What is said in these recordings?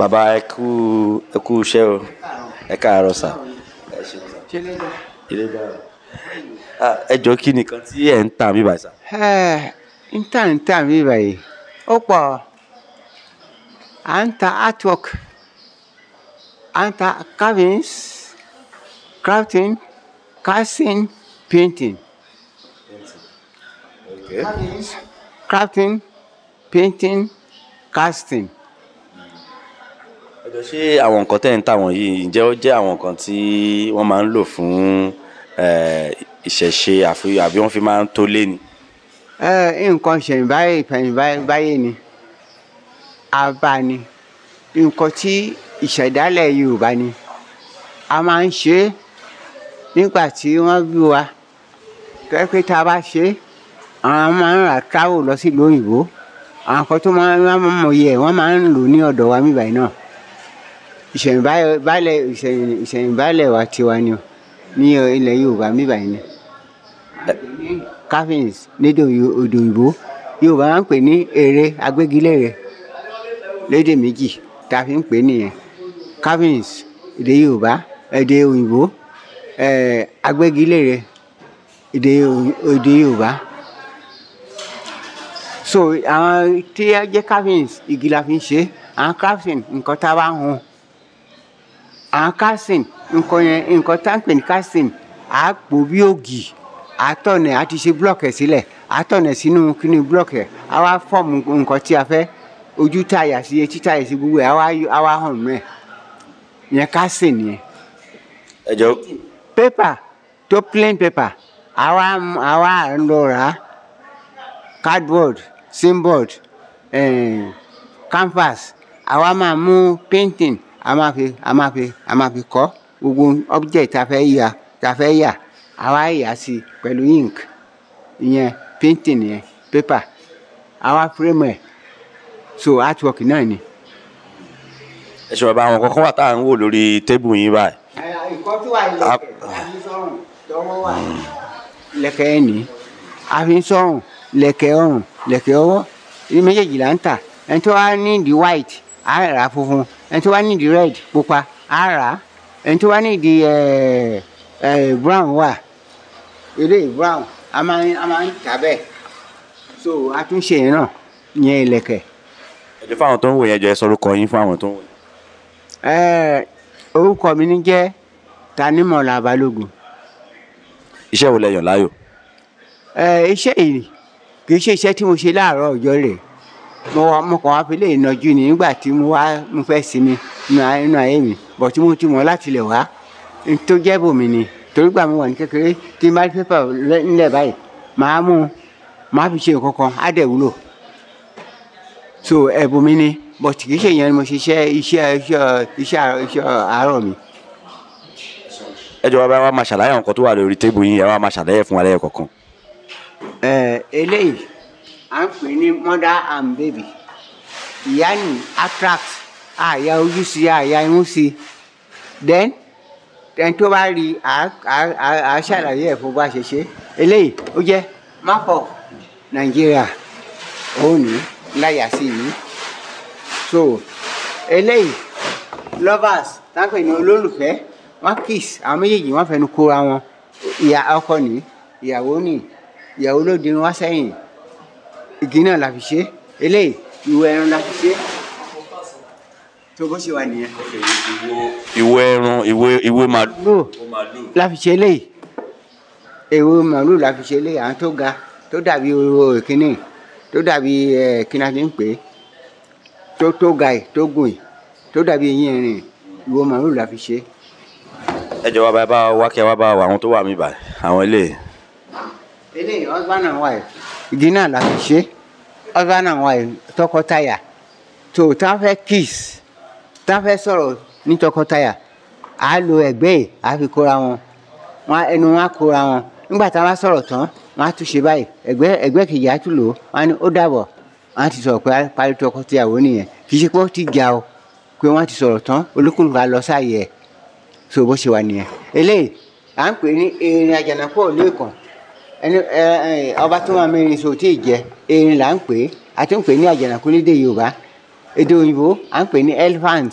bàbá ẹ kú ẹ kú iṣẹ́ o ẹ káàárọ̀ sà ẹ jọ kí nìkan tí ẹ ń tà mí báyìí sà. ń tà ń tà mí báyìí ó pọ̀ à ń ta artwork à ń ta carvings crafting casting painting. Okay. Carvings, crafting, painting, casting ọ̀dọ̀ ṣé àwọn nǹkan tẹ́ ń tà wọ̀nyí ǹjẹ́ ó jẹ́ àwọn nǹkan tí wọ́n máa ń lò fún ìṣẹ̀ṣe àbí wọ́n fi máa ń tó lé ni. nǹkan ṣẹ̀ǹbáyé ìfẹ̀yìnbáyé ni àbá ni nǹkan tí ìṣẹ̀dálẹ̀ Yorùbá ni a máa ń ṣe é nígbà tí wọ́n bí wa pẹ́pẹ́ tá a bá ṣe é àwọn máa ń rà táwò lọ sílùú òyìnbó àwọn kan tó máa ń mọ̀ yẹ wọ́n máa ń lò ní ọ̀dọ̀ wa níbàyìí náà ìṣẹ̀ǹbálẹ̀ ìṣẹ̀ǹbálẹ̀ wa tiwa ni o ní ilẹ̀ yorùbá bíbà yìí ni carvings lédè odò òyìnbó yorùbá máa ń pè ní eré agbégilére lédè méjì tá a fi ń pè nìyẹn carvings èdè yorùbá èdè òyìnbó agbégilére èdè èdè yorùbá so àwọn tí a jẹ́ carvings igi la fi ń ṣe àwọn carving nǹkan tá a bá hun à ń kásìn nǹkan yẹn nǹkan tá ń pè ní kásìn à á pò bí ògì à á tọ̀nà à ti ṣe blọ́ọ̀kì sílẹ̀ à á tọ̀nà sínú kíní blọ́ọ̀kì à wá fọ́ọ̀mù nǹkan tí a fẹ́ ojú táyà sí etí táyà sí gbogbo ẹ̀ à wá hàn mẹ́ yẹn kásìn yẹn. ẹ jọ. pépà tó plain paper àwa àwa lọ cardboard simboard eh, canvas àwa máa painting a máa fi a máa fi a máa fi kọ́ gbogbo object ta fẹ́ yà ta fẹ́ yà a wá ink ìyẹn painting yẹn paper awa frame ẹ̀ so artwork náà ni. ẹ ṣe bàbá àwọn kọ́kọ́ wà tá à ń wò lórí tébù yín báyìí. ìkọ́ tó wà lẹ́kẹ̀ẹ́ àfi tọ́wọ́ wà lẹ́kẹ̀ ẹ̀ ní àfi sọ́run lẹ́kẹ̀ ọrùn lẹ́kẹ̀ ọwọ́ méjèèjì là ń tà ẹni tó wá ní the white á rà funfun ẹni tó wá ní ìdí red pupa ara rà á ẹni tó wá ní ìdí brown wà ilé brown a máa ń tà bẹ́ẹ̀ so a tún ṣe yẹn náà yẹn ìlẹ̀kẹ̀. ẹ̀jẹ̀ fáwọn tó ń wò yẹn jọ ẹ sọ orúkọ yín fáwọn tó ń wò. Eh, orúkọ mi ní jẹ́ Tanímọ̀lá Balógun. iṣẹ́ wo lẹ yàn láàyò. Eh, iṣẹ́ yìí kì í ṣe iṣẹ́ tí mo ṣe láàárọ̀ ọjọ́ rẹ̀ mo mo kàn wá fi lè nàjú ni nígbà tí mo wá mo fẹ́ sinmi nínú ayé mi bọ̀ tí mo ti láti lè wá tó jẹ́ bòmí ni torí gbà mo wà ní kékeré tí n bá rí pépà nílẹ̀ báyìí màá mú màá fi ṣe nǹkan kan á dẹ̀ wúlò so ẹ̀bùn mi ni bọ̀ kì í ṣe ìyẹn ni mo ṣe iṣẹ́ iṣẹ́ iṣẹ́ iṣẹ́ àárọ̀ mi. ẹ jọ̀wọ́ bá wa máa ṣàlàyé àwọn nǹkan tó wà lórí tébù yín ẹ wá máa ṣàlàyé fún wa lẹ́yìn kọ̀ọ̀kan. ẹ eléyìí à ń pè ní mother and baby ìyá ní attract àyà ojú sí àyà imú sí then ẹni tó bá rí a ṣàlàyé ẹ̀ fún bá ṣe ṣe eléyìí ó jẹ́ mápọ̀ nàìjíríà òní láyà sí yìí so eléyìí lovers tápè ní olólùfẹ́ wọ́n kiss àwọn méjèèjì wọ́n fẹnu kóra wọn ìyá ọkọ ní ìyàwó ní ìyàwó ló dirun wá sẹ́yìn igi náà la fi ṣe eléyìí ìwọ ẹran la fi ṣe tó bó ṣe wà nìyẹn. ìwọ ẹran ìwé ìwé màlúù la fi ṣe eléyìí ìwé màlúù la fi ṣe eléyìí àwọn tó ga tó dàbí oró kínní tó dàbí kíni a ti ń pè é tó tó ga yìí tó gùn yìí tó dàbí eyín ẹ̀rìn ìwọ màlúù la fi ṣe. ẹ jọ wá bá wá kí ẹ wá bá àwọn tó wà mí bá àwọn eléyìí. eléyìí ọgbà náà wà yìí. gina la fi ṣe ọba náà wà tọkọtaya to tá fẹ́ kiss tá fẹ́ sọ̀rọ̀ ní tọkọtaya a lo ẹ̀gbẹ́ yìí fi wọn wọn ẹnu wọn á wọn nígbà tá a bá sọrọ tán wọn á tún ṣe báyìí ẹ̀gbẹ́ ẹ̀gbẹ́ kejì tún lò wọn ó wọn ti pé parí nìyẹn kì í ṣe pé ó ti jà o pé wọn so bó ṣe wà nìyẹn eléyìí à ń pè ní erin ọba tó máa mẹ́rin so tí ì jẹ erin là ń pè é àti ń pè ní àjànàkú lédè yorùbá èdè òyìnbó à ń pè ní elephant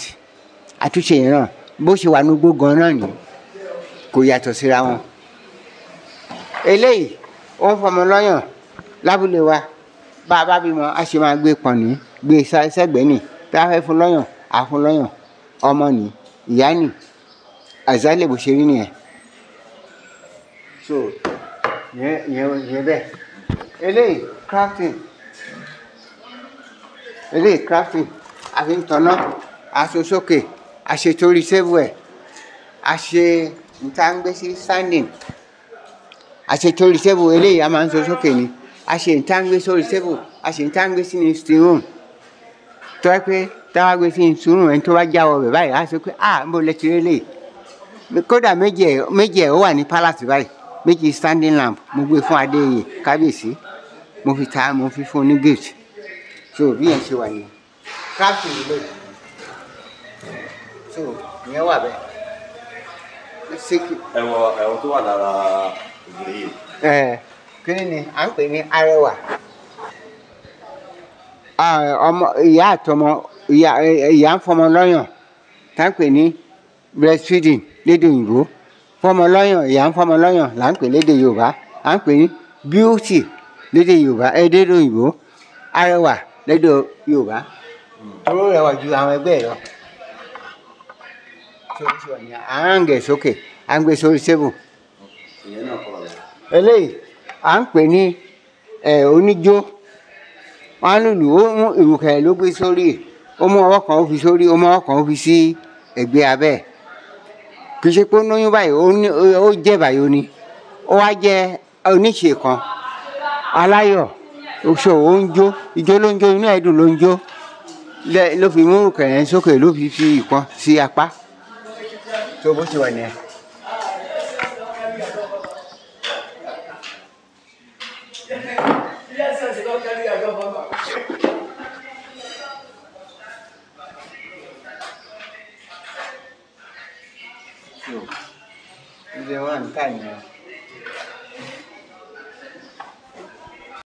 àtúnṣe ìran bó ṣe wà nugbó gan náà ni kò yàtọ̀ síra wọn. eléyìí ó ń fọmọ lọ́yàn lábúlé wa bá a bá bímọ a ṣe máa gbé pọ̀nì gbé sẹ́gbẹ̀ẹ́ nì tá a fẹ́ fún lọ́yàn a fún lọ́yàn ọmọ nì ìyá nì àzálẹ̀ ṣe rí nìyẹn yẹn yẹn yẹn bẹ́ẹ̀ eléyìí crafting eléyìí crafting àfi ń tọ́nà aṣọ sókè àṣetorí sẹ́wẹ̀ àṣe ntangbésí standing àṣetorí sẹ́wẹ̀ eléyìí a máa ń sọ sókè ni àṣe ntangbésórí sẹ́wẹ̀ àṣe ntangbésí ni steam room tọ́ ẹ pé táwa gbé sí sùúrù ẹni tó bá jáwọ́ bẹ̀ báyìí á sọ pé ah ń bọ̀ lẹ́tìrẹ́lẹ̀ kódà méjì ẹ̀ ó wà ní palace báyìí méjì standing lamp mo gbé fún adéyè kábíyèsí mo fi ta mo fi fún ní gift so bí yẹn ṣe wà yẹn káàpì lè so ìyẹn wà bẹ́ẹ̀ ẹ̀wọ̀n ẹ̀wọ̀n tó wà lára ìgbìlẹ̀ yìí. ẹ kí ni à ń pè ní arẹwà ọmọ ìyá àtọmọ ìyá ń fọmọ lọ́yàn tá ń pè ní breastfeeding lédè òyìnbó fọmọlọ́yàn ìyá ń fọmọlọ́yàn là ń pè lédè yorùbá à ń pè ní beauty lédè yorùbá èdè òyìnbó arẹwà lédè yorùbá tó rẹwà ju àwọn ẹgbẹ́ ẹ lọ à ń gẹ̀ sókè à ń gbé sórí sébù eléyìí à ń pè ní oníjó wọn á lùlù ó mú ìrùkẹ̀ ló gbé sórí ó mú ọwọ́ kan ó fi sórí ó mú ọwọ́ kan ó fi sí ẹ̀gbẹ́ abẹ́ kì í ṣe pé ó lóyún báyìí ó jẹ́ báyìí ó ní ó wá jẹ́ oníṣe kan aláyọ̀ oṣù ó ń jó ìjó ló ń jó inú ẹ̀dùn ló ń jó ló fi mú kẹ̀rẹ́ sókè ló fi fi ìkan sí apá tó bó ṣe wà nìyẹn. Yes, yes, you 概念。